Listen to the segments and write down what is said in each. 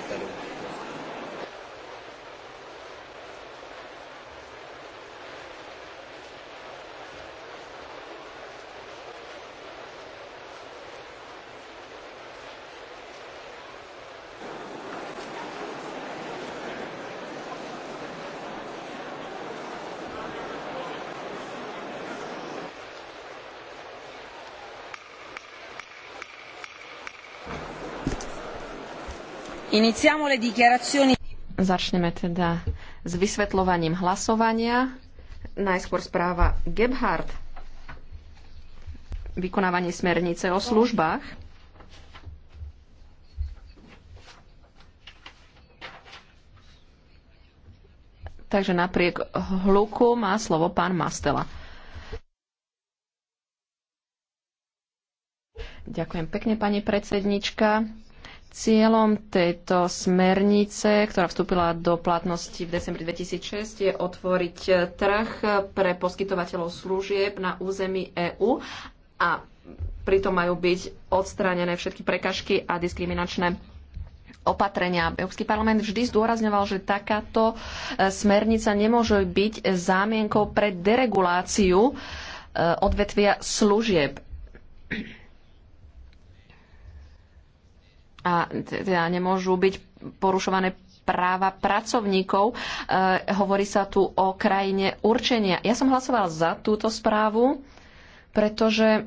Cataluña. Začneme teda s vysvetľovaním hlasovania. Najskôr správa Gebhardt. Vykonávanie smernice o službách. Takže napriek hluku má slovo pán Mastela. Ďakujem pekne, pani predsednička. Cieľom tejto smernice, ktorá vstúpila do platnosti v decembri 2006, je otvoriť eh, trh eh, pre poskytovateľov služieb na území EÚ a pritom majú byť odstránené všetky prekažky a diskriminačné opatrenia. Európsky parlament vždy zdôrazňoval, že takáto eh, smernica nemôže byť zámienkou pre dereguláciu odvetvia služieb a teda nemôžu byť porušované práva pracovníkov. E, hovorí sa tu o krajine určenia. Ja som hlasovala za túto správu, pretože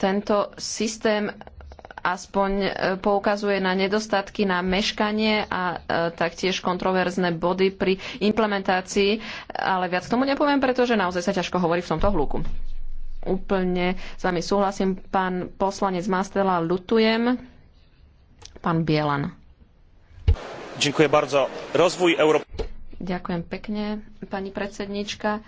tento systém aspoň e, poukazuje na nedostatky, na meškanie a e, taktiež kontroverzné body pri implementácii, ale viac k tomu nepoviem, pretože naozaj sa ťažko hovorí v tomto hľúku úplne s vami súhlasím. Pán poslanec Mastela, lutujem. Pán Bielan. Ďakujem bardzo. Rozvoj Európy. Ďakujem pekne, pani predsednička.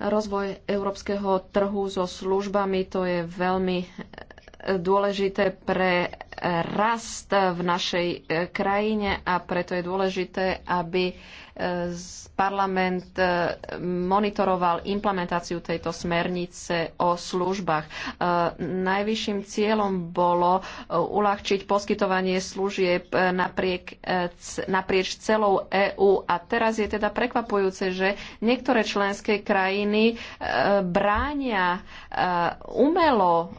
Rozvoj európskeho trhu so službami to je veľmi e, dôležité pre e, rast v našej e, krajine a preto je dôležité, aby parlament e, monitoroval implementáciu tejto smernice o službách. E, najvyšším cieľom bolo e, uľahčiť poskytovanie služieb napriek, naprieč celou EÚ. A teraz je teda prekvapujúce, že niektoré členské krajiny bránia umelo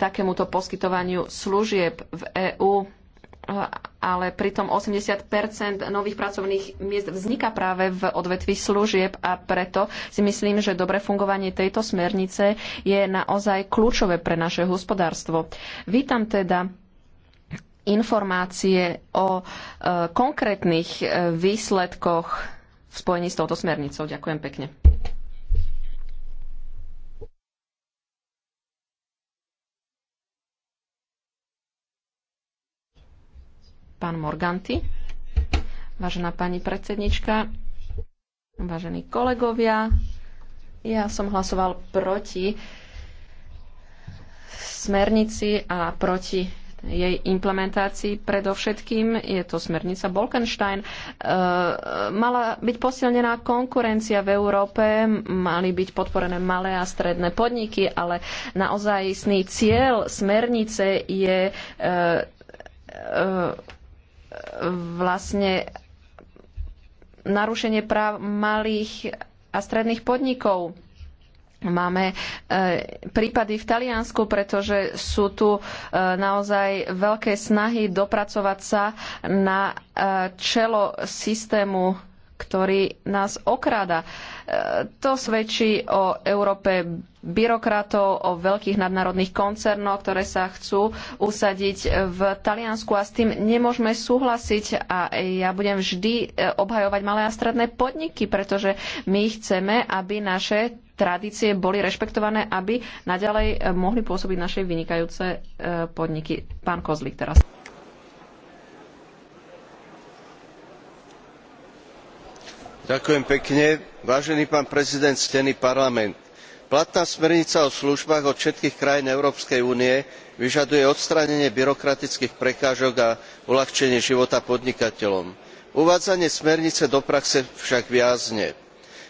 takémuto poskytovaniu služieb v EÚ ale pritom 80 nových pracovných miest vzniká práve v odvetví služieb a preto si myslím, že dobre fungovanie tejto smernice je naozaj kľúčové pre naše hospodárstvo. Vítam teda informácie o e, konkrétnych e, výsledkoch v spojení s touto smernicou. Ďakujem pekne. Pán Morganti. Vážená pani predsednička, vážení kolegovia, ja som hlasoval proti smernici a proti jej implementácii predovšetkým. Je to smernica Bolkenstein. E, mala byť posilnená konkurencia v Európe, mali byť podporené malé a stredné podniky, ale naozaj sný cieľ smernice je e, e, vlastne narušenie práv malých a stredných podnikov. Máme e, prípady v Taliansku, pretože sú tu e, naozaj veľké snahy dopracovať sa na e, čelo systému ktorý nás okráda. E, to svedčí o Európe byrokratov, o veľkých nadnárodných koncernoch, ktoré sa chcú usadiť v Taliansku a s tým nemôžeme súhlasiť a ja budem vždy e, obhajovať malé a stredné podniky, pretože my chceme, aby naše tradície boli rešpektované, aby naďalej e, mohli pôsobiť naše vynikajúce podniky. Pán Kozlík teraz. vážený pán prezident ctený parlament platná smernica o službách od všetkých krajín európskej únie vyžaduje odstránenie byrokratických prekážok a uľahčenie života podnikateľom. uvádzanie smernice do praxe však viazne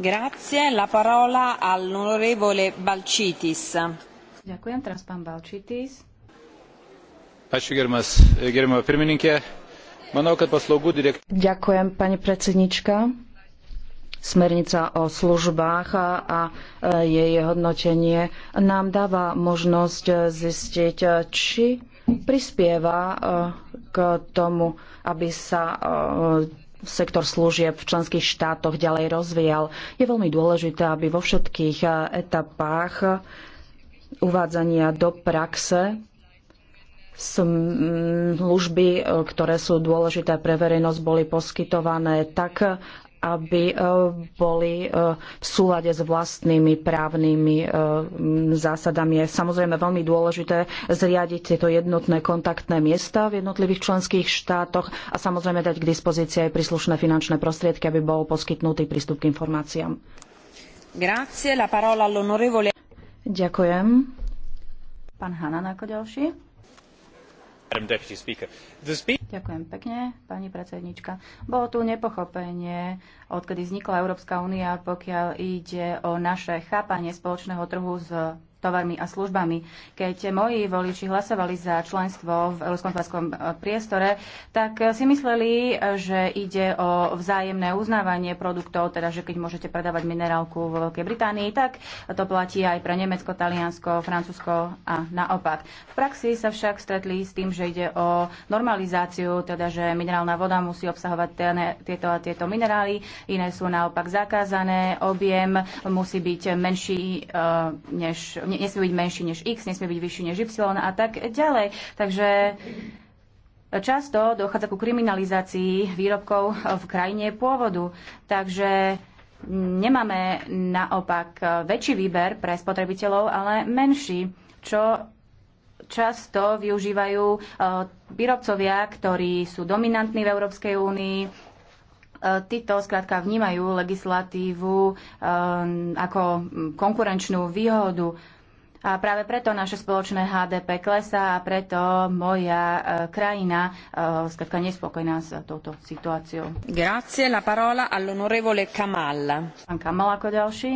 Ďakujem, teraz pán Balčitis. Ačiū, gerbiamas, eh, pirmininkė. Manau, kad paslaugų direktyva. Ďakujem, pani predsednička smernica o službách a eh, jej hodnotenie nám dáva možnosť eh, zistiť, či prispieva k tomu, aby sa sektor služieb v členských štátoch ďalej rozvíjal. Je veľmi dôležité, aby vo všetkých eh, etapách uvádzania do praxe služby, eh, ktoré sú dôležité pre verejnosť, boli poskytované tak, aby e, boli e, v súlade s vlastnými právnymi e, zásadami. Je samozrejme veľmi dôležité zriadiť tieto jednotné kontaktné miesta v jednotlivých členských štátoch a samozrejme dať k dispozícii aj príslušné finančné prostriedky, aby bol poskytnutý prístup k informáciám. Grazie, la parola all'onorevole. Ďakujem. Pán Hanan ako ďalší. Ďakujem pekne, pani predsednička. Bolo tu nepochopenie, odkedy vznikla Európska únia, pokiaľ ide o naše chápanie spoločného trhu s tovarmi a službami. Keď moji voliči hlasovali za členstvo v Európskom e, priestore, tak e, si mysleli, e, že ide o vzájemné uznávanie produktov, teda že keď môžete predávať minerálku vo Veľkej Británii, tak to platí aj pre Nemecko, Taliansko, Francúzsko a naopak. V praxi sa však stretli s tým, že ide o normalizáciu, teda že minerálna voda musí obsahovať tieto a tieto minerály, iné sú naopak zakázané, objem musí byť menší než nesmie byť menší než X, nesmie byť vyšší než Y a tak ďalej. Takže často dochádza ku kriminalizácii výrobkov v krajine pôvodu. Takže nemáme naopak väčší výber pre spotrebiteľov, ale menší, čo často využívajú e, výrobcovia, ktorí sú dominantní v Európskej únii. E, títo skrátka vnímajú legislatívu e, ako konkurenčnú výhodu a práve preto naše spoločné HDP klesá a preto moja e, krajina skladka e, nespokojná s touto situáciou. Grazie, la parola all'onorevole Kamal. Pán Kamal ako ďalší.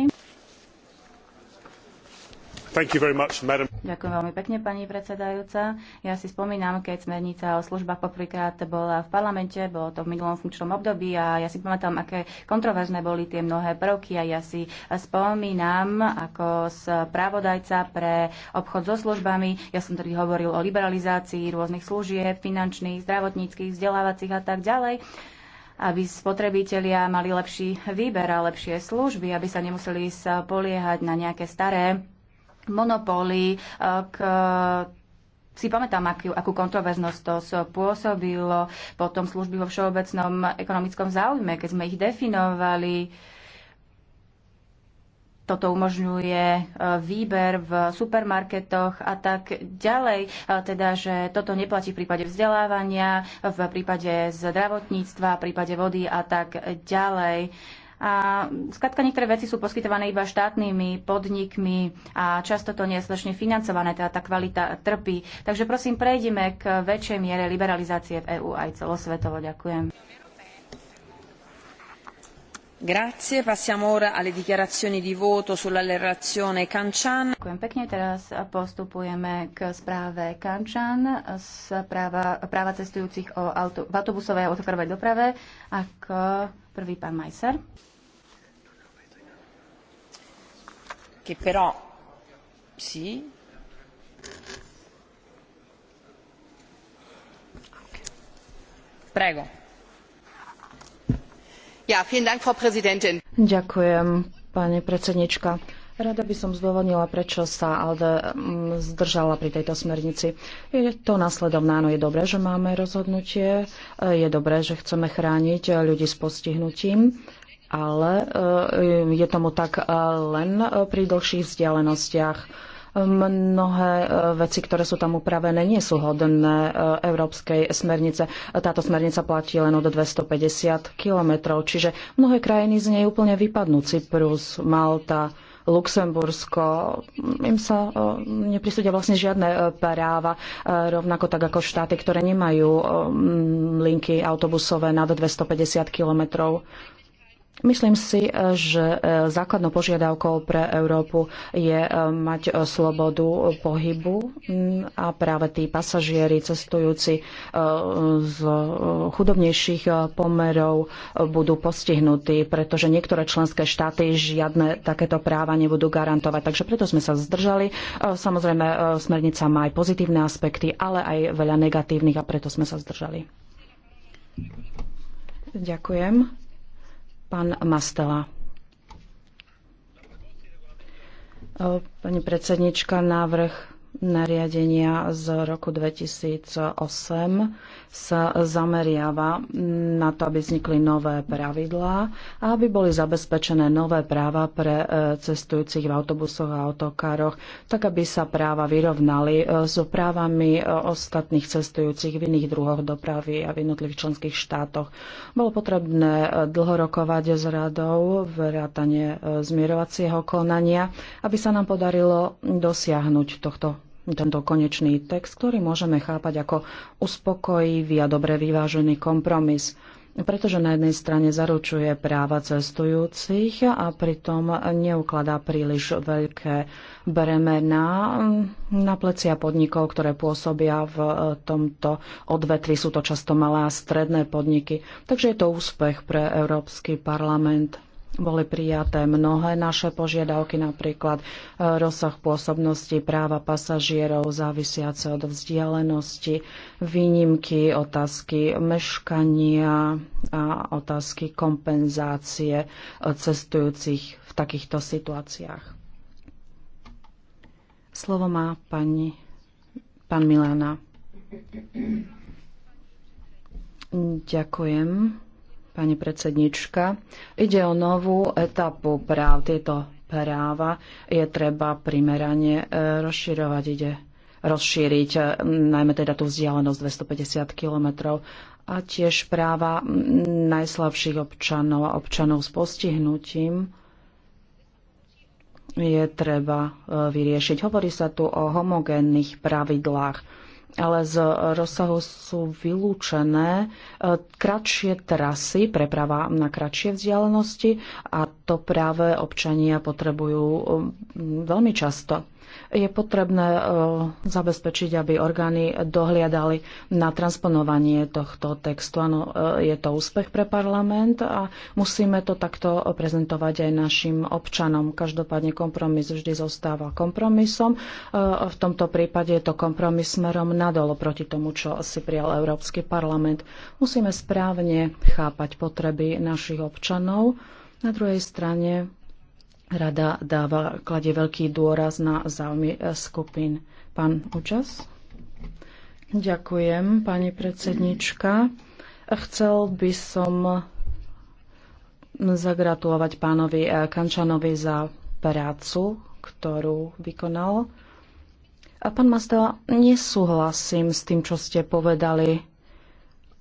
Ďakujem veľmi pekne, pani predsedajúca. Ja si spomínam, keď smernica o službách poprvýkrát bola v parlamente, bolo to v minulom funkčnom období a ja si pamätám, aké kontroverzné boli tie mnohé prvky a ja si spomínam ako spravodajca pre obchod so službami. Ja som tedy hovoril o liberalizácii rôznych služieb, finančných, zdravotníckých, vzdelávacích a tak ďalej aby spotrebitelia mali lepší výber a lepšie služby, aby sa nemuseli spoliehať na nejaké staré monopóly, e, k si pamätám, akú, akú kontroverznosť to spôsobilo, potom služby vo všeobecnom ekonomickom záujme, keď sme ich definovali. Toto umožňuje e, výber v supermarketoch a tak ďalej, e, teda, že toto neplatí v prípade vzdelávania, v prípade zdravotníctva, v prípade vody a tak ďalej. A skladka niektoré veci sú poskytované iba štátnymi podnikmi a často to nie je slušne financované, teda tá kvalita trpí. Takže prosím, prejdime k väčšej miere liberalizácie v EÚ aj celosvetovo. Ďakujem. Grazie, passiamo ora alle dichiarazioni di voto sulla relazione Kanchan. Ďakujem pekne, teraz postupujeme k správe Kančan, správa, práva cestujúcich o auto, v autobusovej a autokarovej doprave. Ako prvý pán Majser. che però sì prego ja, Dank, Frau Ďakujem, pani predsednička. Rada by som zdôvodnila, prečo sa ALDE mm, zdržala pri tejto smernici. Je to následovná, áno, je dobré, že máme rozhodnutie, je dobré, že chceme chrániť ľudí s postihnutím ale eh, je tomu tak eh, len eh, pri dlhších vzdialenostiach. Mnohé veci, ktoré sú tam upravené, nie sú hodné európskej smernice. Táto smernica platí len od 250 kilometrov, čiže mnohé krajiny z nej úplne vypadnú. Cyprus, Malta, Luxembursko, im sa neprisúdia vlastne žiadne práva, rovnako tak ako štáty, ktoré nemajú linky autobusové nad 250 kilometrov. Myslím si, eh, že eh, základnou požiadavkou pre Európu je eh, mať slobodu pohybu mm, a práve tí pasažieri cestujúci z chudobnejších pomerov budú postihnutí, pretože niektoré členské štáty žiadne takéto práva nebudú garantovať. Takže preto sme sa zdržali. Samozrejme, smernica má aj pozitívne aspekty, ale aj veľa negatívnych a preto sme sa zdržali. Ďakujem. Pán Mastela. Pani predsednička, návrh nariadenia z roku 2008 sa zameriava na to, aby vznikli nové pravidlá a aby boli zabezpečené nové práva pre e, cestujúcich v autobusoch a autokároch, tak aby sa práva vyrovnali e, s právami e, ostatných cestujúcich v iných druhoch dopravy a v jednotlivých členských štátoch. Bolo potrebné dlhorokovať s radou vrátanie zmierovacieho konania, aby sa nám podarilo dosiahnuť tohto tento konečný text, ktorý môžeme chápať ako uspokojivý a dobre vyvážený kompromis pretože na jednej strane zaručuje práva cestujúcich a pritom neukladá príliš veľké bremena na plecia podnikov, ktoré pôsobia v tomto odvetvi. Sú to často malé a stredné podniky. Takže je to úspech pre Európsky parlament boli prijaté mnohé naše požiadavky, napríklad e, rozsah pôsobnosti práva pasažierov závisiace od vzdialenosti, výnimky, otázky meškania a otázky kompenzácie e, cestujúcich v takýchto situáciách. Slovo má pani, pán Milána. Ďakujem pani predsednička. Ide o novú etapu práv. Tieto práva je treba primerane e, rozširovať. Ide rozšíriť e, najmä teda tú vzdialenosť 250 kilometrov a tiež práva najslabších občanov a občanov s postihnutím je treba e, vyriešiť. Hovorí sa tu o homogénnych pravidlách ale z rozsahu sú vylúčené e, kratšie trasy, preprava na kratšie vzdialenosti a to práve občania potrebujú e, veľmi často je potrebné e, zabezpečiť, aby orgány dohliadali na transponovanie tohto textu. Áno, e, je to úspech pre parlament a musíme to takto prezentovať aj našim občanom. Každopádne kompromis vždy zostáva kompromisom. E, v tomto prípade je to kompromis smerom nadol proti tomu, čo si prijal Európsky parlament. Musíme správne chápať potreby našich občanov. Na druhej strane Rada dáva, kladie veľký dôraz na záujmy eh, skupín. Pán Učas? Ďakujem, pani predsednička. Chcel by som zagratulovať pánovi eh, Kančanovi za prácu, ktorú vykonal. A pán Mastela, nesúhlasím s tým, čo ste povedali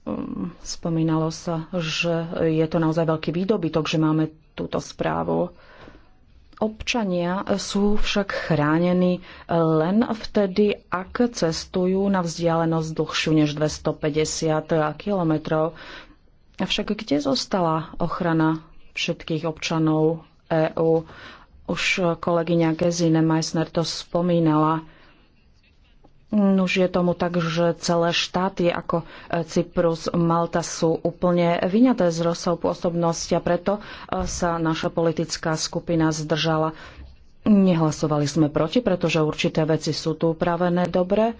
mm, spomínalo sa, že je to naozaj veľký výdobytok, že máme túto správu. Občania sú však chránení len vtedy, ak cestujú na vzdialenosť dlhšiu než 250 kilometrov. Avšak kde zostala ochrana všetkých občanov EÚ? Už kolegyňa Gezine Meissner to spomínala. Mm, už je tomu tak, že celé štáty ako e, Cyprus, Malta sú úplne vyňaté z rozsahu pôsobnosti a preto e, sa naša politická skupina zdržala. Nehlasovali sme proti, pretože určité veci sú tu upravené dobre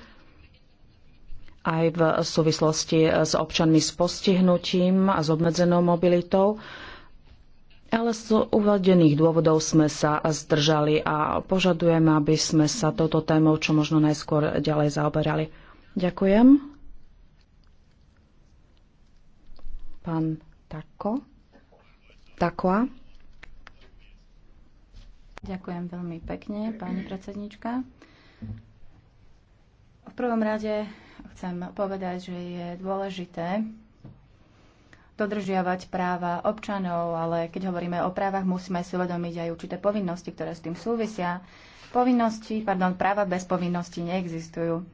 aj v súvislosti s občanmi s postihnutím a s obmedzenou mobilitou ale z uvedených dôvodov sme sa zdržali a požadujem, aby sme sa touto témou čo možno najskôr ďalej zaoberali. Ďakujem. Pán Tako. Takoa. Ďakujem veľmi pekne, pani predsednička. V prvom rade chcem povedať, že je dôležité, dodržiavať práva občanov, ale keď hovoríme o právach, musíme si uvedomiť aj určité povinnosti, ktoré s tým súvisia. Povinnosti, pardon, práva bez povinnosti neexistujú.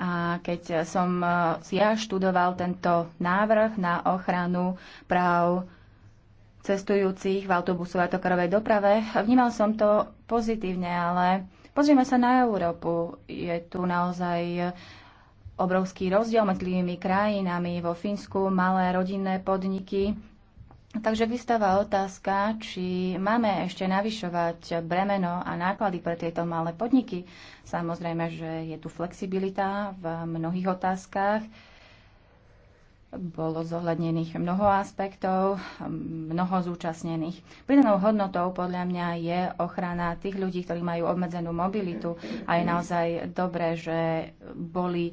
A keď som e, ja študoval tento návrh na ochranu práv cestujúcich v autobusovej tokarovej doprave. Vnímal som to pozitívne, ale pozrieme sa na Európu. Je tu naozaj obrovský rozdiel medzi tými krajinami. Vo Fínsku malé rodinné podniky. Takže vystáva otázka, či máme ešte navyšovať bremeno a náklady pre tieto malé podniky. Samozrejme, že je tu flexibilita v mnohých otázkach bolo zohľadnených mnoho aspektov, mnoho zúčastnených. Pridanou hodnotou podľa mňa je ochrana tých ľudí, ktorí majú obmedzenú mobilitu a je naozaj dobré, že boli e,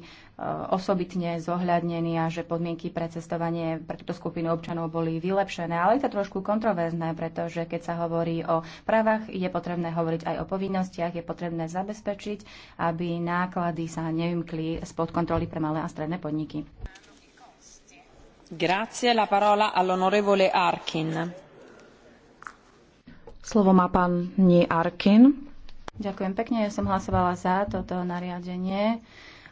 osobitne zohľadnení a že podmienky pre cestovanie pre túto skupinu občanov boli vylepšené. Ale je to trošku kontroverzné, pretože keď sa hovorí o právach, je potrebné hovoriť aj o povinnostiach, je potrebné zabezpečiť, aby náklady sa nevymkli spod kontroly pre malé a stredné podniky. Slovo má pani Arkin. Ďakujem pekne, ja som hlasovala za toto nariadenie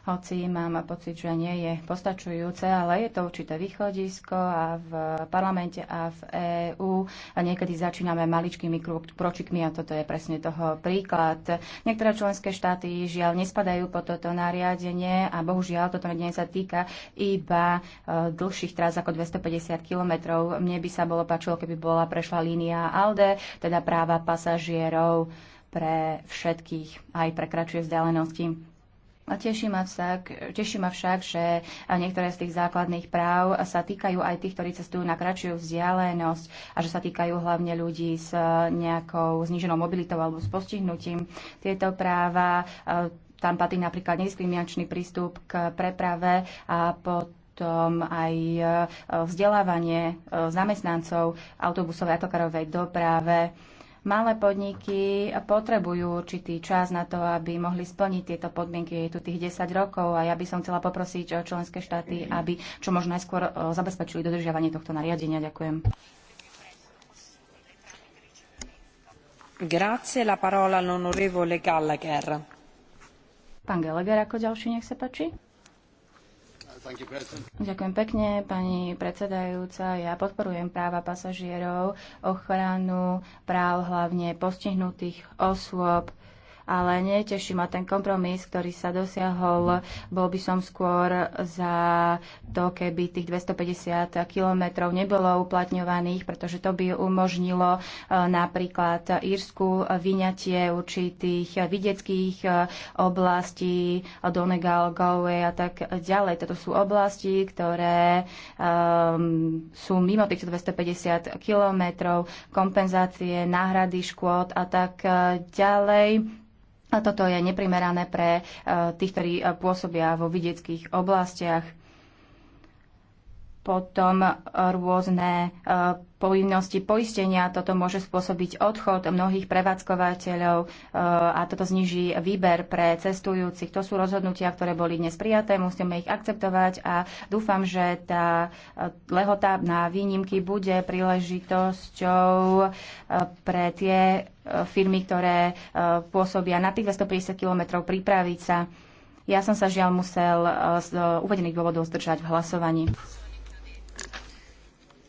hoci mám pocit, že nie je postačujúce, ale je to určité východisko a v parlamente a v EÚ niekedy začíname maličkými kročikmi a toto je presne toho príklad. Niektoré členské štáty žiaľ nespadajú po toto nariadenie a bohužiaľ toto nariadenie sa týka iba e, dlhších tras ako 250 kilometrov. Mne by sa bolo páčilo, keby bola prešla línia ALDE, teda práva pasažierov pre všetkých, aj prekračuje vzdialenosti. Teší ma, však, teší ma však, že niektoré z tých základných práv sa týkajú aj tých, ktorí cestujú na kratšiu vzdialenosť a že sa týkajú hlavne ľudí s nejakou zníženou mobilitou alebo s postihnutím. Tieto práva, e, tam patrí napríklad nediskriminačný prístup k preprave a potom potom aj e, vzdelávanie e, zamestnancov autobusovej a tokarovej doprave Malé podniky potrebujú určitý čas na to, aby mohli splniť tieto podmienky. Je tu tých 10 rokov a ja by som chcela poprosiť o členské štáty, aby čo možno najskôr e, zabezpečili dodržiavanie tohto nariadenia. Ďakujem. Grazie, la parola all'onorevole Gallagher. Pán Gallagher ako ďalší, nech sa páči. Ďakujem pekne, pani predsedajúca. Ja podporujem práva pasažierov, ochranu práv hlavne postihnutých osôb ale neteší ma ten kompromis, ktorý sa dosiahol. Bol by som skôr za to, keby tých 250 kilometrov nebolo uplatňovaných, pretože to by umožnilo e, napríklad Írsku vyňatie určitých vidieckých e, oblastí, Donegal, Galway a tak ďalej. Toto sú oblasti, ktoré um, sú mimo týchto 250 kilometrov, kompenzácie, náhrady škôd a tak e, ďalej a toto je neprimerané pre eh, tých, ktorí eh, pôsobia vo vidieckých oblastiach potom e, rôzne e, povinnosti poistenia. Toto môže spôsobiť odchod mnohých prevádzkovateľov e, a toto zniží výber pre cestujúcich. To sú rozhodnutia, ktoré boli dnes prijaté, musíme ich akceptovať a dúfam, že tá lehota na výnimky bude príležitosťou pre tie firmy, ktoré pôsobia na tých 250 kilometrov pripraviť sa. Ja som sa žiaľ musel z uvedených dôvodov zdržať v hlasovaní.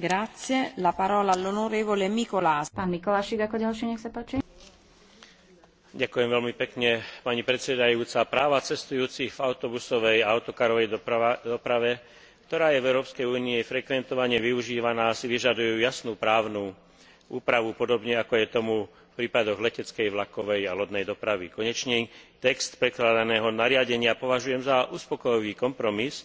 Grazie. La parola all'onorevole Mikolás. Pán Mikolášik, ako ďalšie, nech sa páči. Ďakujem veľmi pekne, pani predsedajúca. Práva cestujúcich v autobusovej a autokarovej doprave, ktorá je v Európskej únii frekventovane využívaná, si vyžadujú jasnú právnu úpravu, podobne ako je tomu v prípadoch leteckej vlakovej a lodnej dopravy. konečne text prekladaného nariadenia považujem za uspokojivý kompromis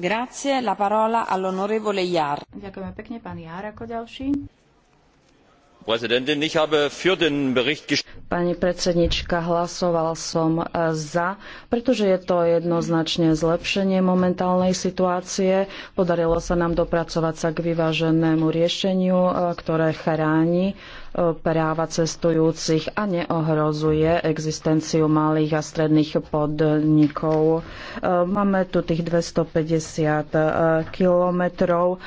Grazie, la parola all'onorevole Ďakujeme pekne, pán ako ďalší. Präsidentin, ich habe für den Bericht gestimmt. Pani predsednička, hlasoval som e, za, pretože je to jednoznačne zlepšenie momentálnej situácie. Podarilo sa nám dopracovať sa k vyváženému riešeniu, e, ktoré chráni e, práva cestujúcich a neohrozuje existenciu malých a stredných podnikov. Máme tu tých 250 kilometrov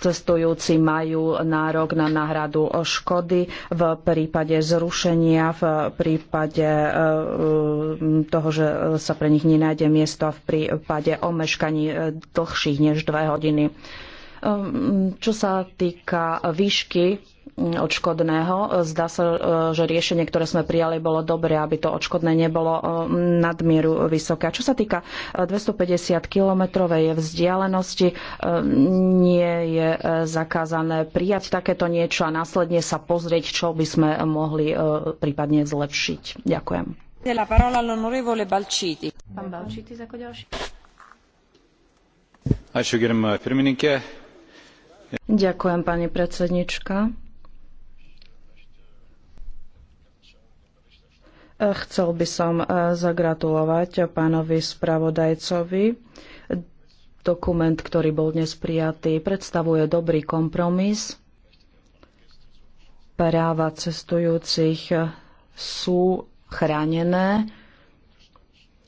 cestujúci majú nárok na náhradu škody v prípade zrušenia, v prípade e, toho, že sa pre nich nenájde miesto a v prípade omeškaní e, dlhších než dve hodiny. Ehm, čo sa týka výšky mm, odškodného, eh, zdá sa, eh, že riešenie, ktoré sme prijali, bolo dobré, aby to odškodné nebolo ehm, nadmieru vysoké. A čo sa týka 250 eh, kilometrovej vzdialenosti, ehm, nie je zakázané prijať takéto niečo a následne sa pozrieť, čo by sme mohli prípadne zlepšiť. Ďakujem. Pán ako ďalší. Ďakujem, pani predsednička. Chcel by som e, zagratulovať pánovi spravodajcovi. Dokument, ktorý bol dnes prijatý, predstavuje dobrý kompromis. Práva cestujúcich sú chránené.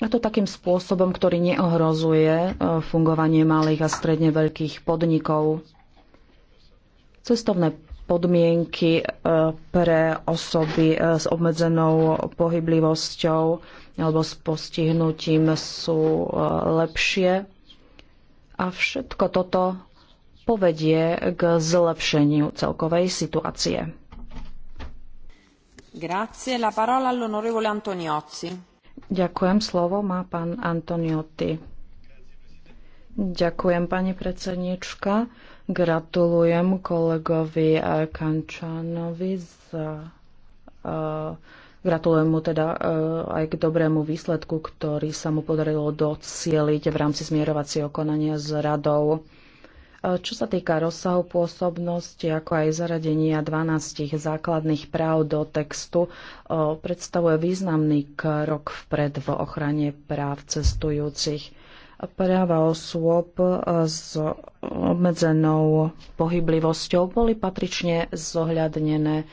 A to takým spôsobom, ktorý neohrozuje e, fungovanie malých a stredne veľkých podnikov cestovné podmienky e, pre osoby e, s obmedzenou pohyblivosťou alebo s postihnutím sú e, lepšie. A všetko toto povedie k zlepšeniu celkovej situácie. Grazie, la parola all'onorevole Antoniozzi. Ďakujem, slovo má pán Antoniotti. Ďakujem, pani predsednička. Gratulujem kolegovi Kančanovi za e, Gratulujem mu teda e, aj k dobrému výsledku, ktorý sa mu podarilo docieliť v rámci zmierovacieho konania s radou. E, čo sa týka rozsahu pôsobnosti, ako aj zaradenia 12 základných práv do textu, predstavuje významný krok vpred v ochrane práv cestujúcich práva osôb s obmedzenou pohyblivosťou boli patrične zohľadnené,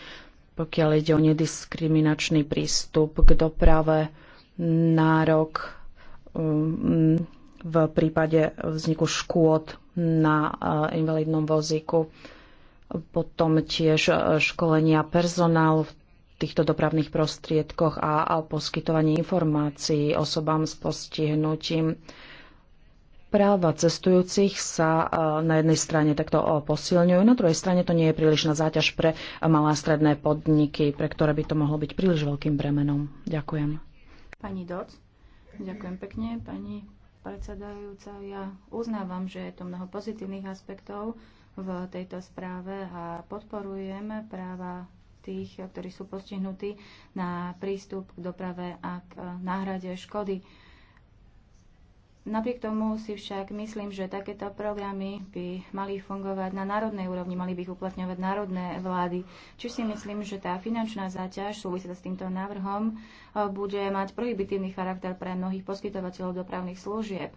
pokiaľ ide o nediskriminačný prístup k doprave, nárok mm, v prípade vzniku škôd na e, invalidnom vozíku, potom tiež e, školenia personálu v týchto dopravných prostriedkoch a, a poskytovanie informácií osobám s postihnutím. Práva cestujúcich sa e, na jednej strane takto e, posilňujú, na druhej strane to nie je prílišná záťaž pre e, malé a stredné podniky, pre ktoré by to mohlo byť príliš veľkým bremenom. Ďakujem. Pani Doc, ďakujem pekne. Pani predsedajúca, ja uznávam, že je to mnoho pozitívnych aspektov v tejto správe a podporujem práva tých, ktorí sú postihnutí na prístup k doprave a k náhrade škody. Napriek tomu si však myslím, že takéto programy by mali fungovať na národnej úrovni, mali by ich uplatňovať národné vlády. Či si myslím, že tá finančná záťaž súvisia s týmto návrhom e, bude mať prohibitívny charakter pre mnohých poskytovateľov dopravných služieb.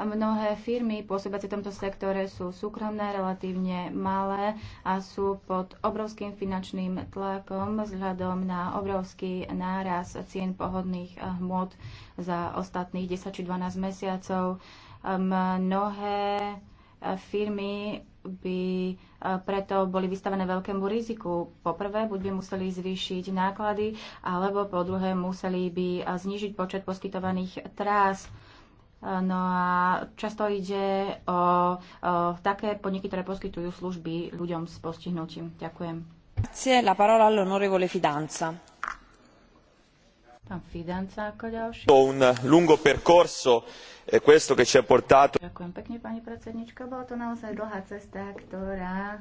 A mnohé firmy pôsobiace v tomto sektore sú súkromné, relatívne malé a sú pod obrovským finančným tlakom vzhľadom na obrovský náraz cien pohodných eh, hmôt za ostatných 10 či 12 mesiacov. Mnohé eh, firmy by eh, preto boli vystavené veľkému riziku. Poprvé, buď by museli zvýšiť náklady, alebo po druhé museli by znižiť počet poskytovaných trás No a často ide o, o také podniky, ktoré poskytujú služby ľuďom s postihnutím. Ďakujem. Grazie, La parola all'onorevole Fidanza. Pán Fidanza ako ďalší. Un lungo percorso, e questo che ci ha portato. Ďakujem pekne, pani predsednička. Bola to naozaj dlhá cesta, ktorá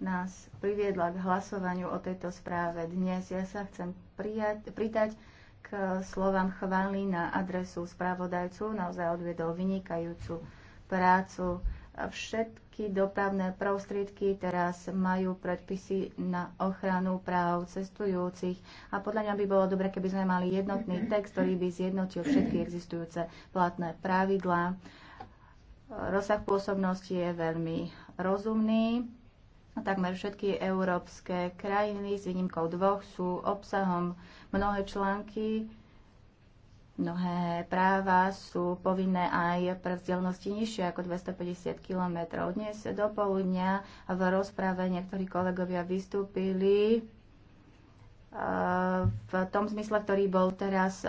nás priviedla k hlasovaniu o tejto správe dnes. Ja sa chcem prijať, pridať Eh, slovám chvály na adresu správodajcu. Naozaj odviedol vynikajúcu prácu. Všetky dopravné prostriedky teraz majú predpisy na ochranu práv cestujúcich a podľa mňa by bolo dobre, keby sme mali jednotný text, ktorý by zjednotil všetky existujúce platné pravidlá. Rozsah pôsobnosti je veľmi rozumný. Takmer všetky európske krajiny s výnimkou dvoch sú obsahom Mnohé články, mnohé práva sú povinné aj pre vzdialenosti nižšie ako 250 km. Dnes do poludnia v rozprave niektorí kolegovia vystúpili eh, v tom zmysle, ktorý bol teraz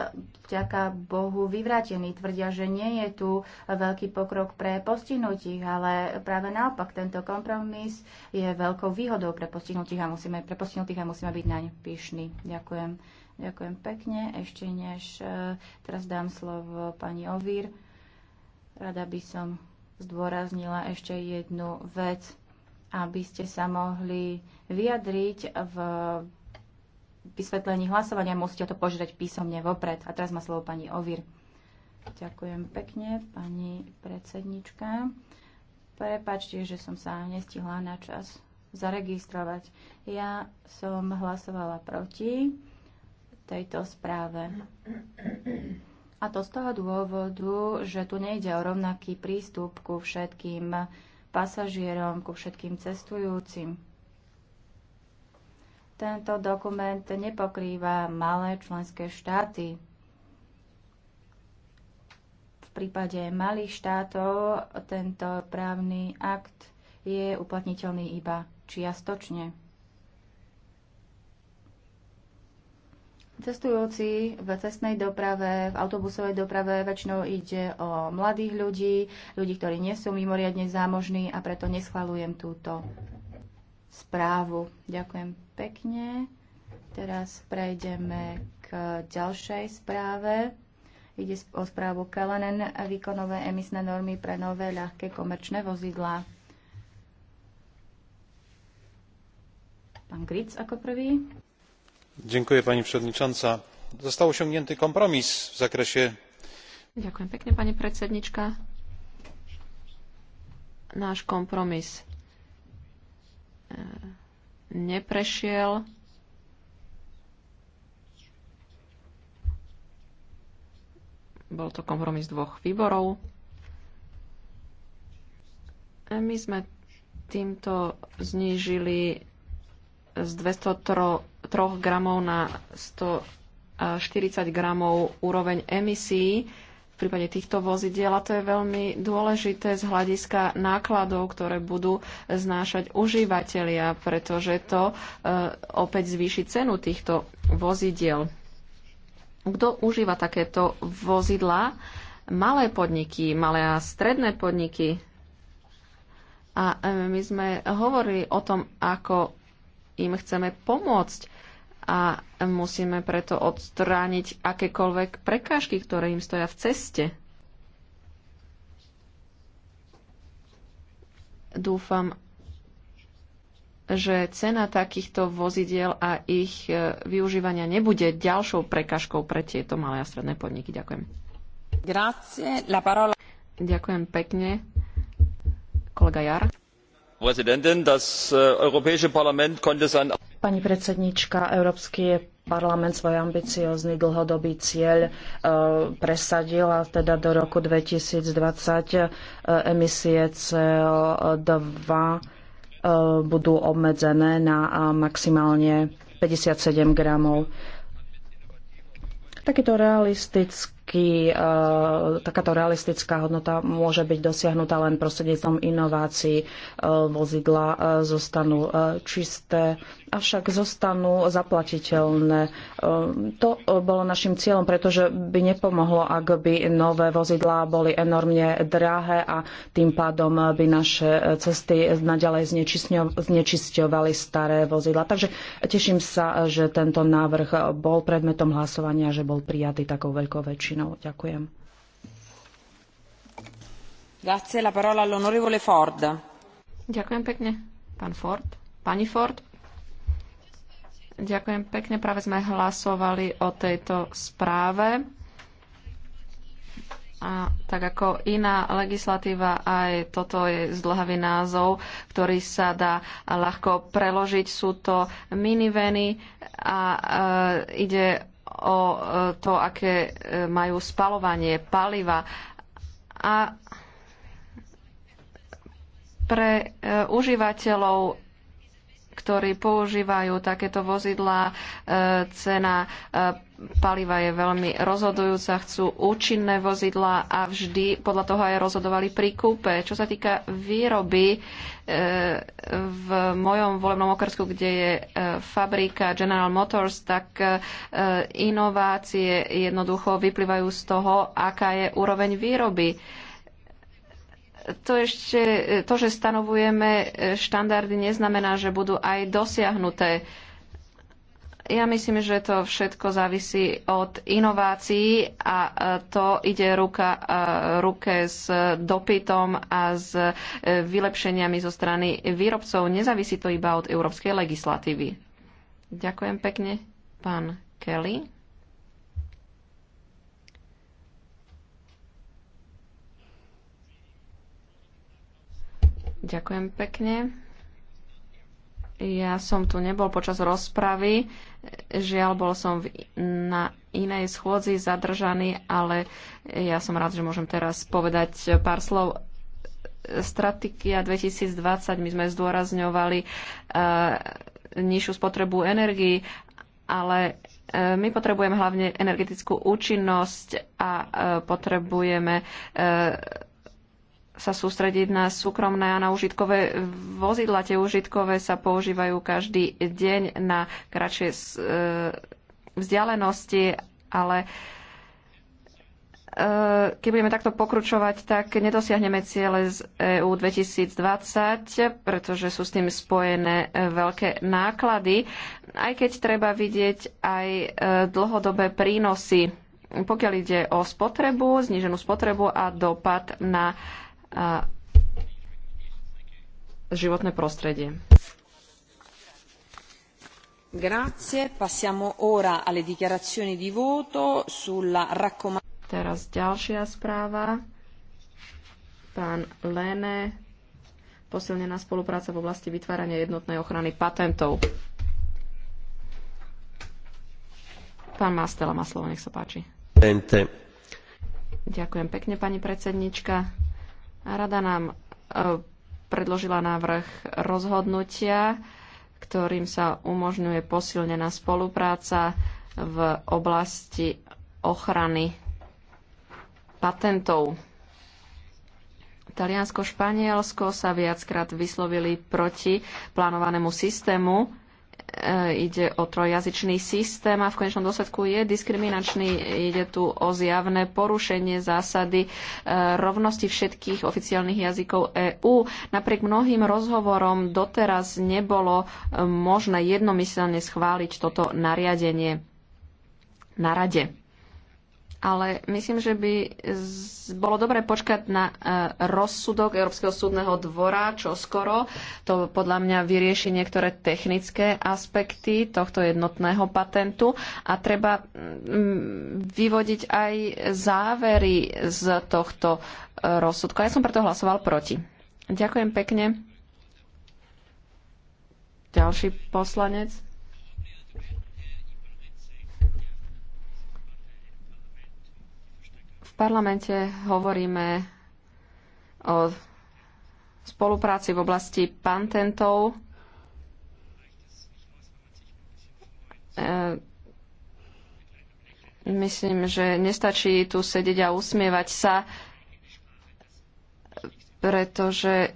vďaka Bohu vyvrátený. Tvrdia, že nie je tu veľký pokrok pre postihnutých, ale práve naopak tento kompromis je veľkou výhodou pre postihnutých a musíme, pre postihnutých a musíme byť naň pyšní. Ďakujem. Ďakujem pekne. Ešte než e, teraz dám slovo pani Ovír, rada by som zdôraznila ešte jednu vec, aby ste sa mohli vyjadriť v vysvetlení hlasovania. Musíte to požiadať písomne vopred. A teraz má slovo pani Ovír. Ďakujem pekne, pani predsednička. Prepačte, že som sa nestihla na čas zaregistrovať. Ja som hlasovala proti tejto správe. A to z toho dôvodu, že tu nejde o rovnaký prístup ku všetkým pasažierom, ku všetkým cestujúcim. Tento dokument nepokrýva malé členské štáty. V prípade malých štátov tento právny akt je uplatniteľný iba čiastočne. Cestujúci v cestnej doprave, v autobusovej doprave väčšinou ide o mladých ľudí, ľudí, ktorí nie sú mimoriadne zámožní a preto neschvalujem túto správu. Ďakujem pekne. Teraz prejdeme k ďalšej správe. Ide o správu Kelenen a výkonové emisné normy pre nové ľahké komerčné vozidla. Pán Gric ako prvý pani przewodnicząca! został osiągnięty kompromis w zakresie. kompromis e, bol to kompromis dvoch výborov e, my sme týmto znížili z 203 gramov na 140 gramov úroveň emisí v prípade týchto vozidiel a to je veľmi dôležité z hľadiska nákladov, ktoré budú znášať užívateľia, pretože to e, opäť zvýši cenu týchto vozidiel. Kto užíva takéto vozidla? Malé podniky, malé a stredné podniky. A e, my sme hovorili o tom, ako im chceme pomôcť a musíme preto odstrániť akékoľvek prekážky, ktoré im stoja v ceste. Dúfam, že cena takýchto vozidiel a ich e, využívania nebude ďalšou prekážkou pre tieto malé a stredné podniky. Ďakujem. Grazie, la parola. Ďakujem pekne. Kolega Jar. Äh, Pani predsedníčka, Európsky parlament svoj ambiciózny dlhodobý cieľ äh, presadil a teda do roku 2020 äh, emisie CO2 budú obmedzené na maximálne 57 gramov. Takýto realistický taký, eh, takáto realistická hodnota môže byť dosiahnutá len prostredníctvom inovácií. Eh, vozidla eh, zostanú čisté, avšak zostanú zaplatiteľné. To bolo našim cieľom, pretože by nepomohlo, ak by nové vozidlá boli enormne drahé a tým pádom by naše cesty naďalej znečisťovali staré vozidla. Takže teším sa, že tento návrh bol predmetom hlasovania, že bol prijatý takou veľkou väčšinou zmenil. Ďakujem. Grazie, la parola all'onorevole Ford. Ďakujem pekne, pán Ford. Pani Ford. Ďakujem pekne, práve sme hlasovali o tejto správe. A tak ako iná legislatíva, aj toto je zdlhavý názov, ktorý sa dá ľahko preložiť. Sú to miniveny a e, ide o e, to, aké e, majú spalovanie paliva. A pre e, užívateľov ktorí používajú takéto vozidlá, cena paliva je veľmi rozhodujúca, chcú účinné vozidla a vždy podľa toho aj rozhodovali pri kúpe. Čo sa týka výroby, e, v mojom volebnom okresku, kde je e, fabrika General Motors, tak e, inovácie jednoducho vyplývajú z toho, aká je úroveň výroby to ešte, to, že stanovujeme štandardy, neznamená, že budú aj dosiahnuté. Ja myslím, že to všetko závisí od inovácií a e, to ide ruka e, ruke s dopytom a s e, vylepšeniami zo strany výrobcov. Nezávisí to iba od európskej legislatívy. Ďakujem pekne, pán Kelly. Ďakujem pekne. Ja som tu nebol počas rozpravy, žiaľ bol som v, na inej schôdzi zadržaný, ale ja som rád, že môžem teraz povedať pár slov. Stratégia 2020, my sme zdôrazňovali uh, nižšiu spotrebu energii, ale eh, my potrebujeme hlavne energetickú účinnosť a eh, potrebujeme sa sústrediť na súkromné a na užitkové vozidla. Tie užitkové sa používajú každý deň na kratšie e, vzdialenosti, ale e, keď budeme takto pokručovať, tak nedosiahneme ciele z EU 2020, pretože sú s tým spojené e, veľké náklady, aj keď treba vidieť aj dlhodobé prínosy, pokiaľ ide o spotrebu, zníženú spotrebu a dopad na a životné prostredie. Grazie. Passiamo ora alle dichiarazioni di voto sulla raccomandazione. Teraz ďalšia správa. Pán Lene, posilnená spolupráca v oblasti vytvárania jednotnej ochrany patentov. Pán Mastela má slovo, nech sa páči. Ďakujem pekne, pani predsednička Rada nám e, predložila návrh rozhodnutia, ktorým sa umožňuje posilnená spolupráca v oblasti ochrany patentov. Taliansko, Španielsko sa viackrát vyslovili proti plánovanému systému E, ide o trojjazyčný systém a v konečnom dôsledku je diskriminačný. Ide tu o zjavné porušenie zásady e, rovnosti všetkých oficiálnych jazykov EÚ. Napriek mnohým rozhovorom doteraz nebolo e, možné jednomyselne schváliť toto nariadenie na rade ale myslím, že by bolo dobré počkať na e, rozsudok Európskeho súdneho dvora, čo skoro. To podľa mňa vyrieši niektoré technické aspekty tohto jednotného patentu a treba mm, vyvodiť aj závery z tohto e, rozsudku. Ja som preto hlasoval proti. Ďakujem pekne. Ďalší poslanec. parlamente hovoríme o spolupráci v oblasti patentov. E, myslím, že nestačí tu sedieť a usmievať sa, pretože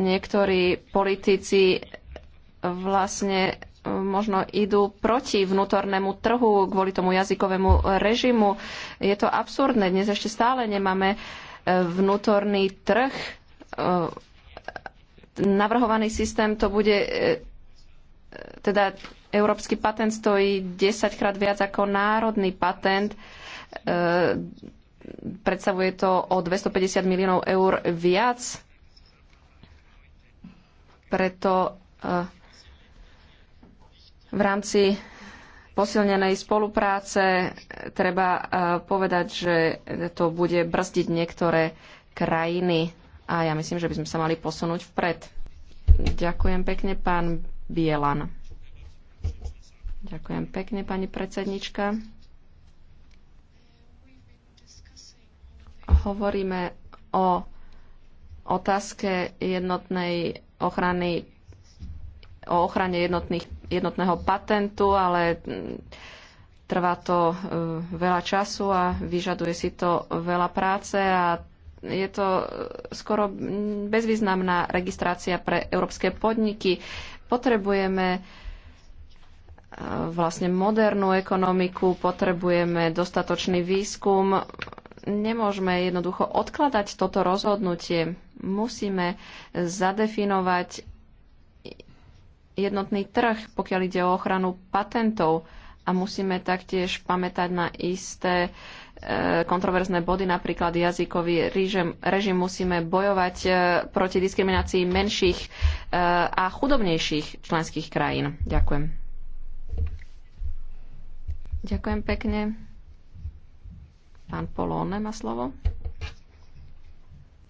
niektorí politici vlastne možno idú proti vnútornému trhu kvôli tomu jazykovému režimu. Je to absurdné. Dnes ešte stále nemáme e, vnútorný trh. E, navrhovaný systém to bude e, teda európsky patent stojí 10 krát viac ako národný patent. Predstavuje to o 250 miliónov eur viac. Preto v rámci posilnenej spolupráce treba e, povedať, že to bude brzdiť niektoré krajiny a ja myslím, že by sme sa mali posunúť vpred. Ďakujem pekne, pán Bielan. Ďakujem pekne, pani predsednička. Hovoríme o otázke jednotnej ochrany, o ochrane jednotných jednotného patentu, ale mm, trvá to e, veľa času a vyžaduje si to veľa práce a je to e, skoro mm, bezvýznamná registrácia pre európske podniky. Potrebujeme e, vlastne modernú ekonomiku, potrebujeme dostatočný výskum. Nemôžeme jednoducho odkladať toto rozhodnutie. Musíme zadefinovať jednotný trh, pokiaľ ide o ochranu patentov a musíme taktiež pamätať na isté e, kontroverzné body, napríklad jazykový režim, režim musíme bojovať e, proti diskriminácii menších e, a chudobnejších členských krajín. Ďakujem. Ďakujem pekne. Pán Polóne má slovo.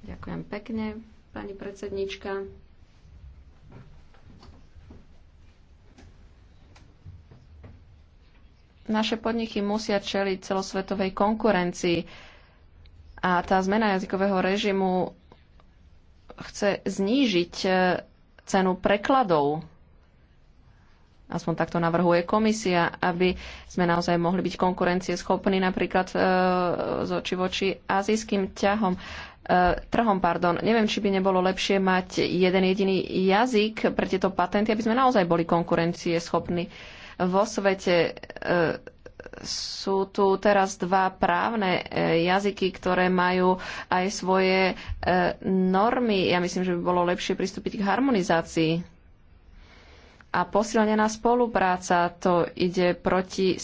Ďakujem pekne, pani predsednička. Naše podniky musia čeliť celosvetovej konkurencii a tá zmena jazykového režimu chce znížiť e, cenu prekladov. Aspoň takto navrhuje komisia, aby sme naozaj mohli byť konkurencieschopní napríklad e, z oči voči azijským ťahom, e, trhom. Pardon. Neviem, či by nebolo lepšie mať jeden jediný jazyk pre tieto patenty, aby sme naozaj boli konkurencieschopní. schopní vo svete. E, sú tu teraz dva právne e, jazyky, ktoré majú aj svoje e, normy. Ja myslím, že by bolo lepšie pristúpiť k harmonizácii a posilnená spolupráca. To ide proti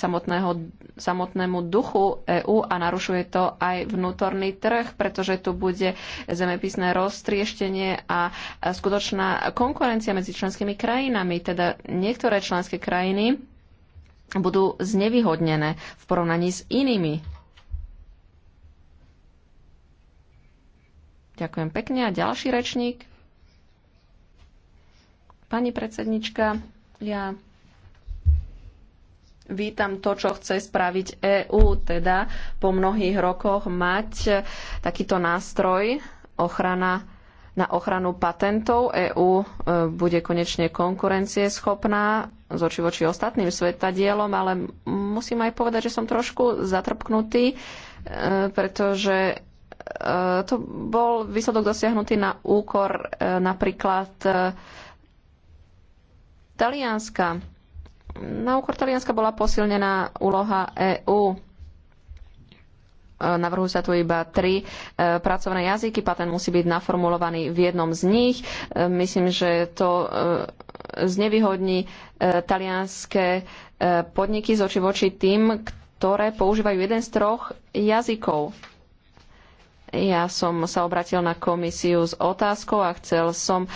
samotnému duchu EÚ a narušuje to aj vnútorný trh, pretože tu bude zemepisné roztrieštenie a skutočná konkurencia medzi členskými krajinami. Teda niektoré členské krajiny budú znevýhodnené v porovnaní s inými. Ďakujem pekne. A ďalší rečník. Pani predsednička, ja vítam to, čo chce spraviť EÚ, teda po mnohých rokoch mať takýto nástroj ochrana na ochranu patentov EÚ e, bude konečne konkurencieschopná z oči voči ostatným svetadielom, ale musím aj povedať, že som trošku zatrpknutý, e, pretože e, to bol výsledok dosiahnutý na úkor napríklad Talianska. Na úkor Talianska bola posilnená úloha EÚ. E, navrhujú sa tu iba tri e, pracovné jazyky. Patent musí byť naformulovaný v jednom z nich. E, myslím, že to znevýhodní talianské podniky z oči voči tým, ktoré používajú jeden z troch jazykov. Ja som sa obratil na komisiu s otázkou a chcel som e,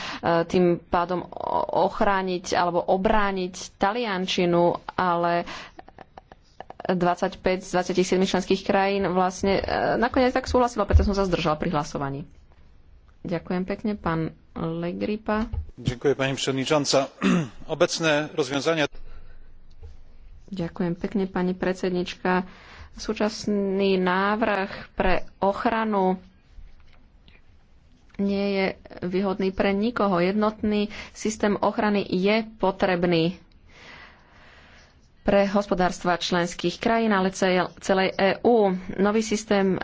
tým pádom ochrániť alebo obrániť taliančinu, ale 25 z 27 členských krajín vlastne e, nakoniec tak súhlasilo, preto som sa zdržal pri hlasovaní. Ďakujem pekne, pán Legripa. Ďakujem, pani przewodnicząca. Obecné rozwiązania... Ďakujem pekne, pani predsednička. Súčasný návrh pre ochranu nie je výhodný pre nikoho. Jednotný systém ochrany je potrebný pre hospodárstva členských krajín, ale celej EÚ. Nový systém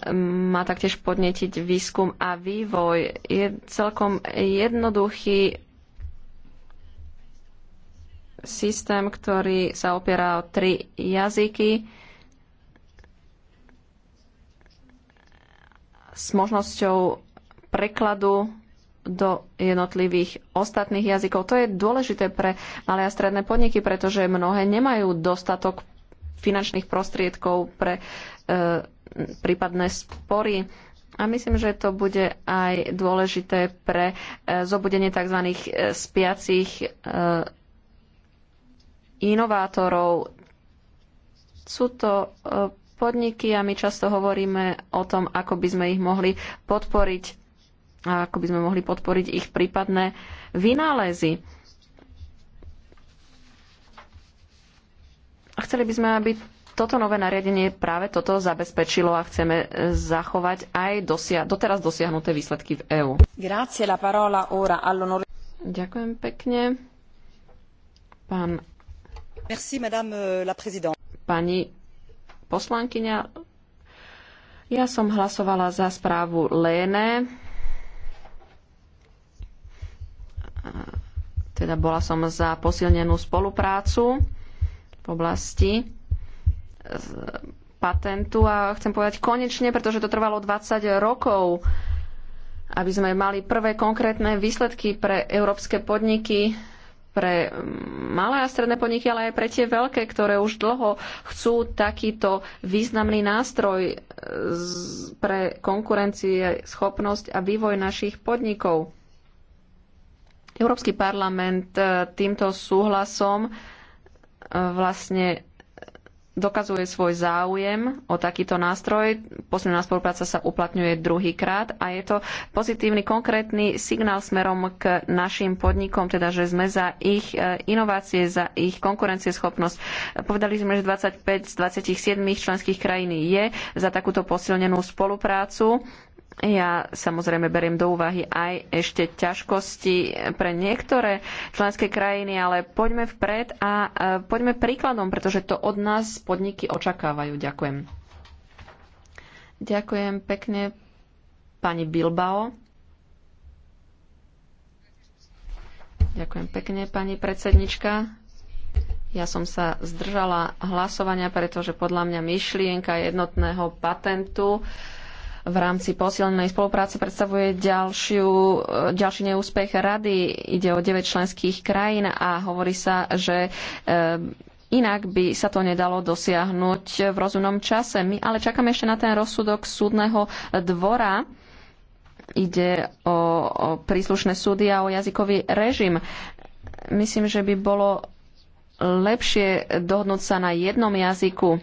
má taktiež podnetiť výskum a vývoj. Je celkom jednoduchý systém, ktorý sa opiera o tri jazyky s možnosťou prekladu do jednotlivých ostatných jazykov. To je dôležité pre malé a stredné podniky, pretože mnohé nemajú dostatok finančných prostriedkov pre e, prípadné spory. A myslím, že to bude aj dôležité pre e, zobudenie tzv. E, spiacich e, inovátorov. Sú to e, podniky a my často hovoríme o tom, ako by sme ich mohli podporiť a ako by sme mohli podporiť ich prípadné vynálezy. A chceli by sme, aby toto nové nariadenie práve toto zabezpečilo a chceme e, zachovať aj dosia- doteraz dosiahnuté výsledky v EÚ. Ďakujem pekne. Pán... Merci, madame euh, la présidente. Pani poslankyňa. Ja som hlasovala za správu Léne. Teda bola som za posilnenú spoluprácu v oblasti patentu a chcem povedať konečne, pretože to trvalo 20 rokov, aby sme mali prvé konkrétne výsledky pre európske podniky pre malé a stredné podniky, ale aj pre tie veľké, ktoré už dlho chcú takýto významný nástroj e, pre konkurencie, schopnosť a vývoj našich podnikov. Európsky parlament e, týmto súhlasom e, vlastne dokazuje svoj záujem o takýto nástroj. Posledná spolupráca sa uplatňuje druhýkrát a je to pozitívny, konkrétny signál smerom k našim podnikom, teda že sme za ich e, inovácie, za ich konkurencieschopnosť. Povedali sme, že 25 z 27 členských krajín je za takúto posilnenú spoluprácu ja samozrejme beriem do úvahy aj ešte ťažkosti pre niektoré členské krajiny, ale poďme vpred a e, poďme príkladom, pretože to od nás podniky očakávajú. Ďakujem. Ďakujem pekne pani Bilbao. Ďakujem pekne, pani predsednička. Ja som sa zdržala hlasovania, pretože podľa mňa myšlienka jednotného patentu uh, v rámci posilnenej spolupráce predstavuje ďalšiu, e, ďalší neúspech rady. Ide o 9 členských krajín a hovorí sa, že e, Inak by sa to nedalo dosiahnuť v rozumnom čase. My ale čakáme ešte na ten rozsudok súdneho dvora. Ide o, o príslušné súdy a o jazykový režim. Myslím, že by bolo lepšie dohodnúť sa na jednom jazyku.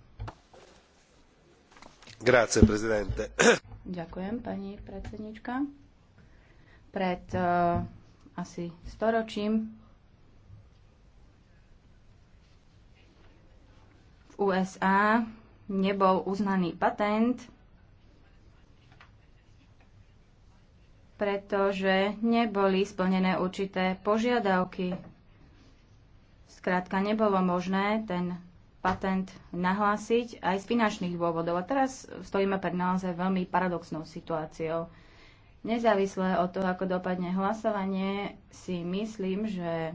Ďakujem, pani predsednička. Pred uh, asi storočím v USA nebol uznaný patent, pretože neboli splnené určité požiadavky. Skrátka, nebolo možné ten patent nahlásiť aj z finančných dôvodov. A teraz stojíme pred naozaj veľmi paradoxnou situáciou. Nezávisle od toho, ako dopadne hlasovanie, si myslím, že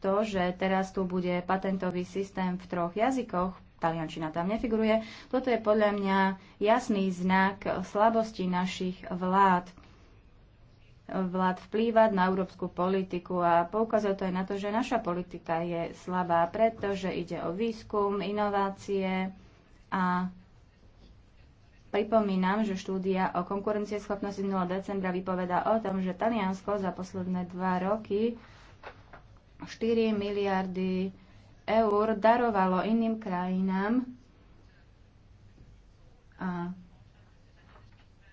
to, že teraz tu bude patentový systém v troch jazykoch, taliančina tam nefiguruje, toto je podľa mňa jasný znak slabosti našich vlád vlád vplývať na európsku politiku a poukazuje to aj na to, že naša politika je slabá, pretože ide o výskum, inovácie a Pripomínam, že štúdia o konkurencieschopnosti 0. decembra vypoveda o tom, že Taliansko za posledné dva roky 4 miliardy eur darovalo iným krajinám a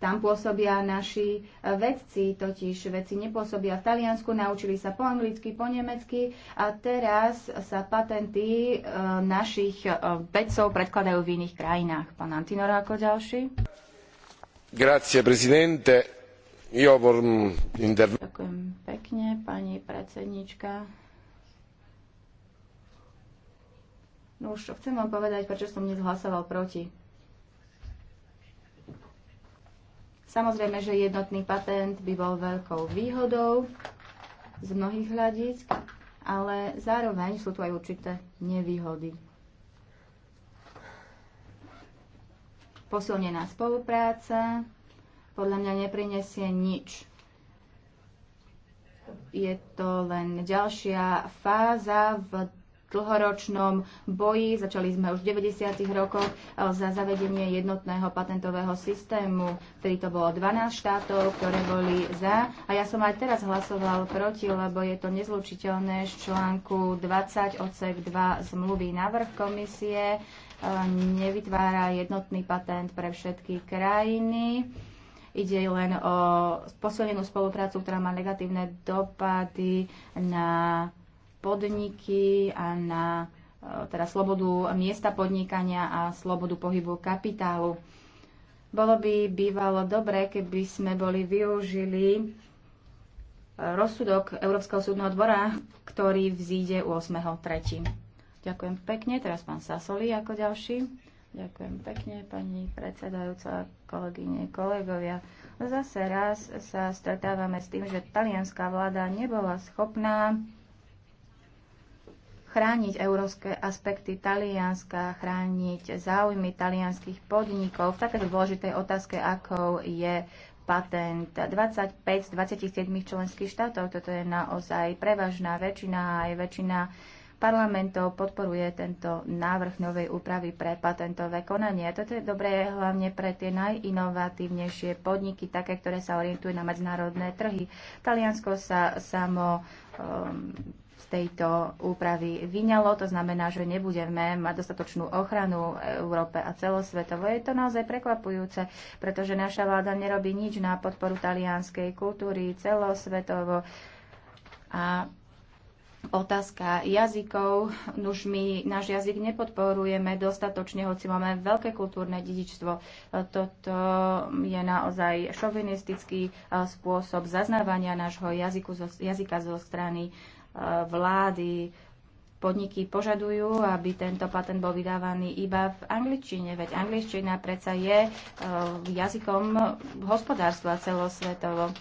tam pôsobia naši e, vedci, totiž vedci nepôsobia v Taliansku, naučili sa po anglicky, po nemecky a teraz sa patenty e, našich e, vedcov predkladajú v iných krajinách. Pán Antinor ako ďalší. Grazie, prezidente. Io Inter... Ďakujem pekne, pani predsednička. No už chcem vám povedať, prečo som dnes hlasoval proti. Samozrejme, že jednotný patent by bol veľkou výhodou z mnohých hľadisk, ale zároveň sú tu aj určité nevýhody. Posilnená spolupráca podľa mňa neprinesie nič. Je to len ďalšia fáza v dlhoročnom boji. Začali sme už v 90. rokoch eh, za zavedenie jednotného patentového systému, ktorý to bolo 12 štátov, ktoré boli za. A ja som aj teraz hlasoval proti, lebo je to nezlučiteľné z článku 20 odsek 2 zmluvy návrh komisie eh, nevytvára jednotný patent pre všetky krajiny. Ide len o posilnenú spoluprácu, ktorá má negatívne dopady na podniky a na e, teda slobodu miesta podnikania a slobodu pohybu kapitálu. Bolo by bývalo dobré, keby sme boli využili e, rozsudok Európskeho súdneho dvora, ktorý vzíde u 8.3. Ďakujem pekne. Teraz pán Sasoli ako ďalší. Ďakujem pekne, pani predsedajúca, kolegyne, kolegovia. Zase raz sa stretávame s tým, že talianská vláda nebola schopná chrániť európske aspekty Talianska, chrániť záujmy talianských podnikov v takéto dôležitej otázke, ako je patent 25 z 27 členských štátov. Toto je naozaj prevažná väčšina a aj väčšina parlamentov podporuje tento návrh novej úpravy pre patentové konanie. Toto je dobré hlavne pre tie najinovatívnejšie podniky, také, ktoré sa orientujú na medzinárodné trhy. Taliansko sa samo um, tejto úpravy vyňalo. To znamená, že nebudeme mať dostatočnú ochranu Európe a celosvetovo. Je to naozaj prekvapujúce, pretože naša vláda nerobí nič na podporu talianskej kultúry celosvetovo. A otázka jazykov. Už my náš jazyk nepodporujeme dostatočne, hoci máme veľké kultúrne dedičstvo. Toto je naozaj šovinistický eh, spôsob zaznávania nášho jazyku jazyka zo strany vlády, podniky požadujú, aby tento patent bol vydávaný iba v angličtine, veď angličtina predsa je e, jazykom hospodárstva celosvetovo.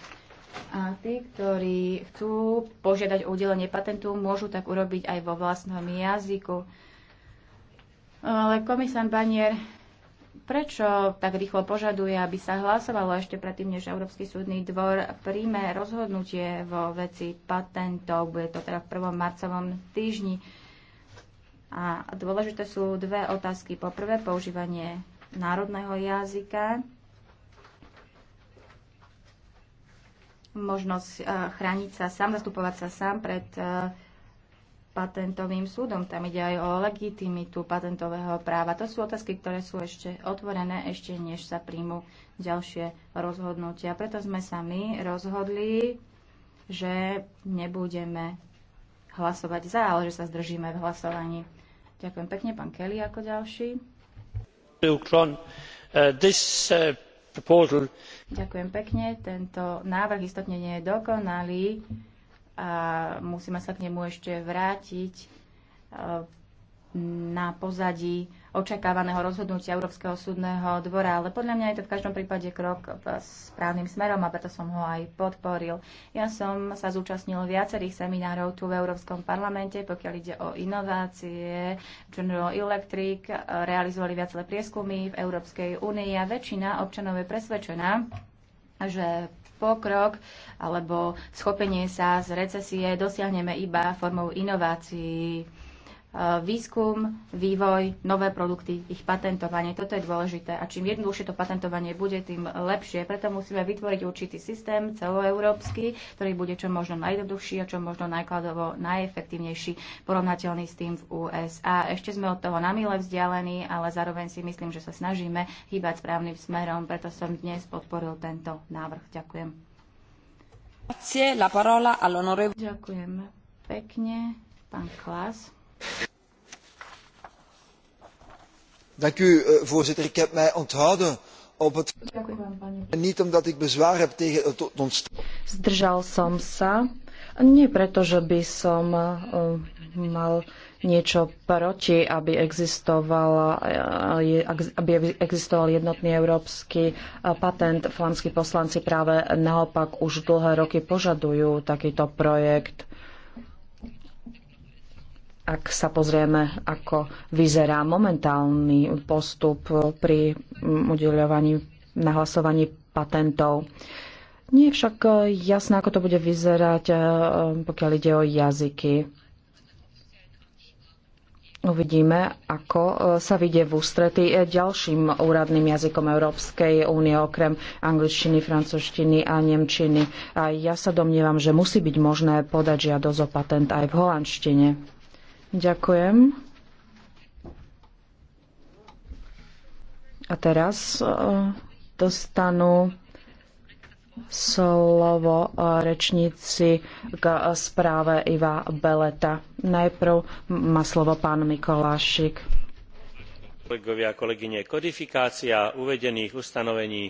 A tí, ktorí chcú požiadať o udelenie patentu, môžu tak urobiť aj vo vlastnom jazyku. Ale komisár Banier Prečo tak rýchlo požaduje, aby sa hlasovalo ešte predtým, než Európsky súdny dvor príjme rozhodnutie vo veci patentov? Bude to teda v prvom marcovom týždni. A dôležité sú dve otázky. Po prvé, používanie národného jazyka, možnosť eh, chrániť sa sám, zastupovať sa sám pred eh, patentovým súdom. Tam ide aj o legitimitu patentového práva. To sú otázky, ktoré sú ešte otvorené, ešte než sa príjmu ďalšie rozhodnutia. Preto sme sa my rozhodli, že nebudeme hlasovať za, ale že sa zdržíme v hlasovaní. Ďakujem pekne, pán Kelly ako ďalší. Eh, eh, Ďakujem pekne. Tento návrh istotne nie je dokonalý a musíme sa k nemu ešte vrátiť e, na pozadí očakávaného rozhodnutia Európskeho súdneho dvora, ale podľa mňa je to v každom prípade krok správnym smerom a preto som ho aj podporil. Ja som sa zúčastnil viacerých seminárov tu v Európskom parlamente, pokiaľ ide o inovácie, General Electric, e, realizovali viaceré prieskumy v Európskej únii a väčšina občanov je presvedčená, že pokrok alebo schopenie sa z recesie dosiahneme iba formou inovácií E, výskum, vývoj, nové produkty, ich patentovanie. Toto je dôležité. A čím jednoduchšie to patentovanie bude, tým lepšie. Preto musíme vytvoriť určitý systém celoeurópsky, ktorý bude čo možno najjednoduchší a čo možno najkladovo najefektívnejší, porovnateľný s tým v USA. Ešte sme od toho na mile vzdialení, ale zároveň si myslím, že sa snažíme hýbať správnym smerom, preto som dnes podporil tento návrh. Ďakujem. Ďakujem pekne, pán Klas. Eh, voorzitter ik heb mij onthouden op het niet omdat ik bezwaar heb tegen het ontstaan. zdržal som sa nie preto že by som eh, mal niečo proti aby existoval eh, aby existoval jednotný európsky patent flámski poslanci práve naopak už dlhé roky požadujú takýto projekt ak sa pozrieme, ako vyzerá momentálny postup pri mm, udeľovaní na hlasovaní patentov. Nie je však e, jasné, ako to bude vyzerať, e, pokiaľ ide o jazyky. Uvidíme, ako e, sa vyjde v ústretí ďalším úradným jazykom Európskej únie, okrem angličtiny, francúzštiny a nemčiny. A ja sa domnievam, že musí byť možné podať žiadosť o patent aj v holandštine. Ďakujem. A teraz e, dostanú slovo e, rečníci k správe Iva Beleta. Najprv má slovo pán Mikolášik. Kolegovia, kolegyne, kodifikácia uvedených ustanovení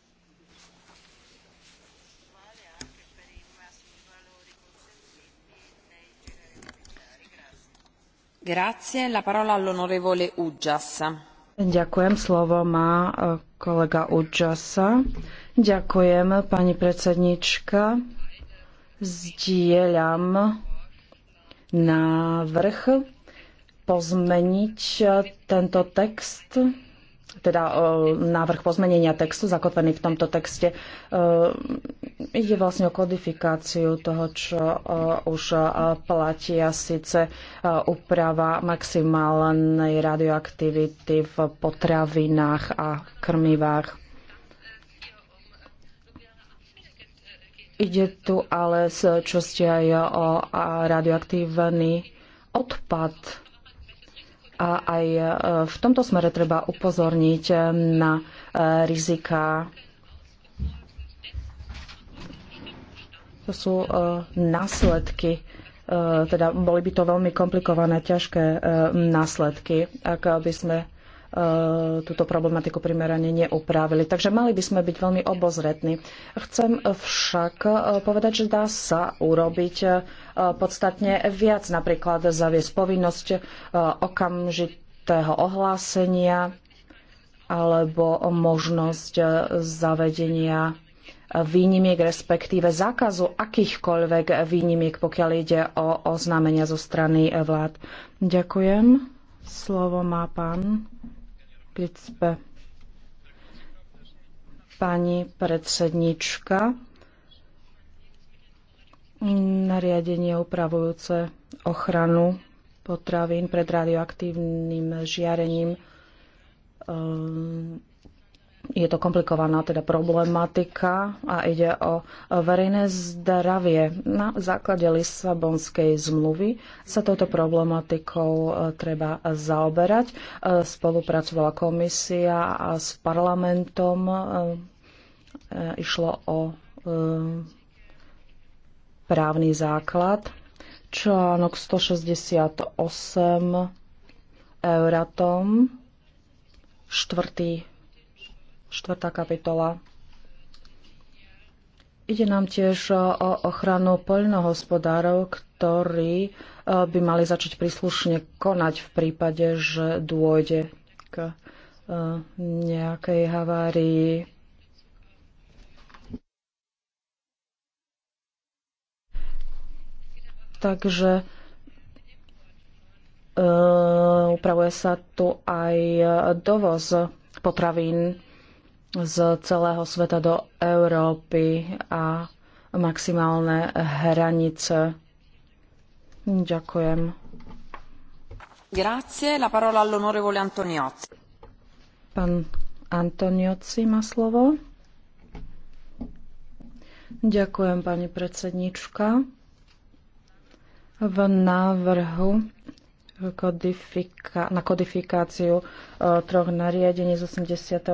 Grazie, la parola all'onorevole Uggias. Ďakujem, slovo má e, kolega Udžasa. Ďakujem, pani predsednička. Zdieľam návrh pozmeniť tento text teda e, návrh pozmenenia textu zakotvený v tomto texte. E, ide vlastne o kodifikáciu toho, čo e, už platí a síce úprava maximálnej radioaktivity v potravinách a krmivách. Ide tu ale čo ste aj o radioaktívny odpad a aj e, v tomto smere treba upozorniť e, na e, rizika. To sú následky teda boli by to veľmi komplikované, ťažké následky, ak by sme E, túto problematiku primerane neupravili. Takže mali by sme byť veľmi obozretní. Chcem však e, povedať, že dá sa urobiť e, podstatne viac, napríklad zaviesť povinnosť okamžitého ohlásenia alebo možnosť zavedenia výnimiek, respektíve zákazu akýchkoľvek výnimiek, pokiaľ ide o oznámenia zo strany vlád. Ďakujem. Slovo má pán Gicpe. Pani predsednička, nariadenie upravujúce ochranu potravín pred radioaktívnym žiarením um, je to komplikovaná teda problematika a ide o verejné zdravie. Na základe Lisabonskej zmluvy sa touto problematikou e, treba zaoberať. E, spolupracovala komisia a s parlamentom. E, išlo o právny základ. Článok 168 Euratom, štvrtý štvrtá kapitola. Ide nám tiež e, o ochranu poľnohospodárov, ktorí e, by mali začať príslušne konať v prípade, že dôjde k e, nejakej havárii. Takže upravuje sa tu aj dovoz potravín z celého sveta do Európy a maximálne hranice. Ďakujem. Grazie, la parola all'onorevole Antoniozzi. Pán Antoniozzi má slovo. Ďakujem, pani predsednička. V návrhu kodifika, na kodifikáciu e, troch nariadení z 87.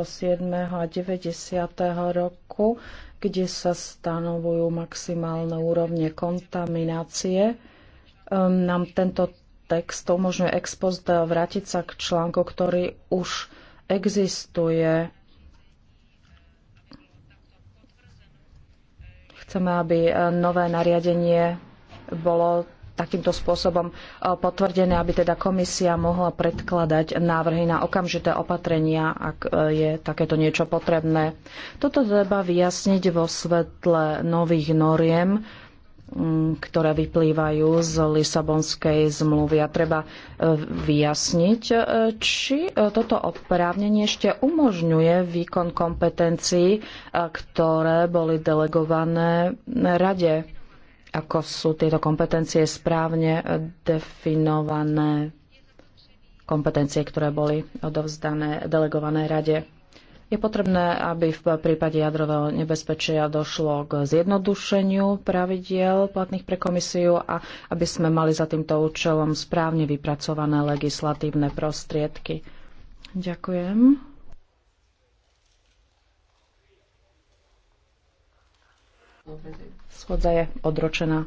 a 90. roku, kde sa stanovujú maximálne úrovne kontaminácie. E, nám tento text umožňuje expozda vrátiť sa k článku, ktorý už existuje. Chceme, aby e, nové nariadenie bolo takýmto spôsobom e, potvrdené, aby teda komisia mohla predkladať návrhy na okamžité opatrenia, ak e, je takéto niečo potrebné. Toto treba vyjasniť vo svetle nových noriem, ktoré vyplývajú z Lisabonskej zmluvy. A treba e, vyjasniť, či toto oprávnenie ešte umožňuje výkon kompetencií, ktoré boli delegované rade ako sú tieto kompetencie správne definované kompetencie, ktoré boli odovzdané delegované rade. Je potrebné, aby v prípade jadrového nebezpečia došlo k zjednodušeniu pravidiel platných pre komisiu a aby sme mali za týmto účelom správne vypracované legislatívne prostriedky. Ďakujem. Schodza je odročená.